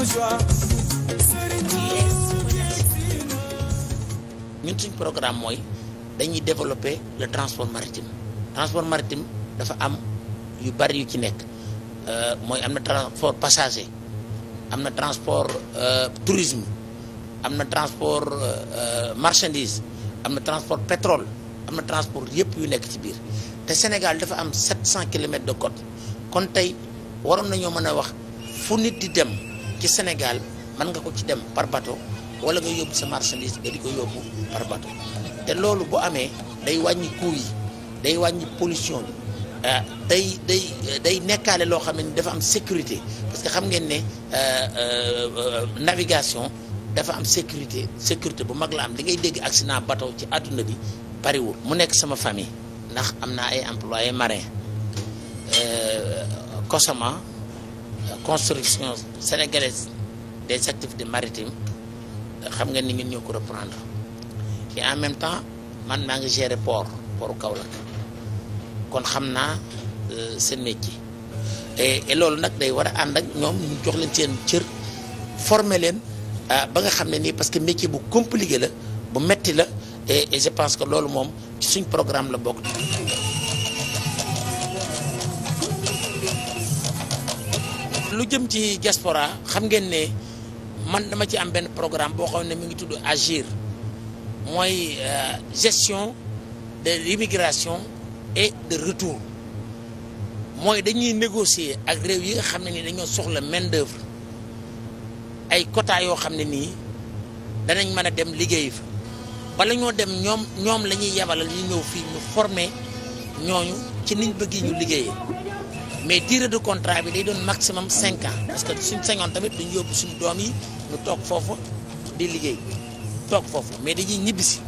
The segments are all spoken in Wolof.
am joie. suñ programme mooy dañuy développer le transport maritime transport maritime dafa am yu bari yu ci nekk euh, mooy am na transport passager am na transport euh, tourisme am na transport euh, marchandise am na transport pétrole am na transport yëpp yu nekk ci biir te Sénégal dafa am 700 kilomètres de côte kon tey waroon nañoo mën a wax fu nit di dem. ci Sénégal man nga ko ci dem par bateau wala nga yóbbu sa marchandise nga di ko yóbbu par bateau te loolu bu amee day wàññi coût day wàññi pollution bi euh, day day day nekkaale loo xam ne dafa am sécurité parce que xam ngeen ne euh, euh, navigation dafa am sécurité sécurité bu mag la am li ngay dégg naa bateau ci àdduna bi bariwul mu nekk sama famille ndax am naa ay employé marin Kosama construction sénégalaise des activités maritimes xam nga ni ñun ñoo ko reprendre et en même temps man maa ngi gérer port portu Kaolack kon xam naa seen euh, métier e loolu nag day war a ànd ak ñoom ñu jox leen seen cër former leen euh, ba nga xam ne nii parce que métier bu compliqué la bu metti la et je pense que loolu moom ci suñ programme la bokk. lu jëm ci diaspora xam ngeen ne man dama ci am benn programme boo xam ne mu ngi tudd agir mooy euh, gestion de l'immigration et de retour mooy dañuy négocier ak réew yi nga xam ne ni dañoo soxla main d'œuvre ay quota yoo xam ne nii danañ mën a dem liggéey fa bala ñoo dem ñoom ñoom la ñuy yabalal ñu ñëw fii ñu former ñooñu ci niñ bëgg ñu liggéeyee mais diire de contrat bi day doon maximum cinq ans parce que suñ sañoon tamit duñ yóbbu suñu doom yi ñu toog foofu di liggéey toog foofu mais dañuy ñibbisi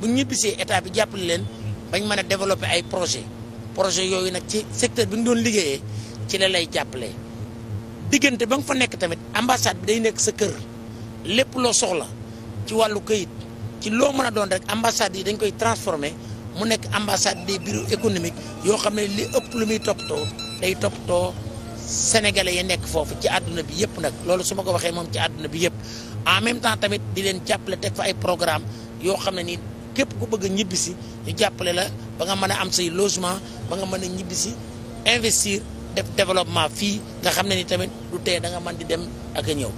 bu ñibbisee état bi jàppale leen bañ mën a développer ay projet projet yooyu nag ci secteur bi nga doon liggéeye ci la lay jàppalee diggante ba nga fa nekk tamit ambassade bi day nekk sa kër lépp loo soxla ci wàllu kayit ci loo mën a doon rek ambassade yi dañ koy transformer mu nekk ambassade des bureaux yoo xam ne li ëpp lu muy toppatoo day toppatoo sénégalais yi nekk foofu ci àdduna bi yëpp nag loolu su ma ko waxee moom ci àdduna bi yëpp en même temps tamit di leen jàppale teg fa ay programme yoo xam ne nii képp ku bëgg a ñibbisi ñu jàppale la ba nga mën a am say logement ba nga mën a ñibbisi investir def développement fii nga xam ne ni tamit du tee da nga mën di dem ak a ñëw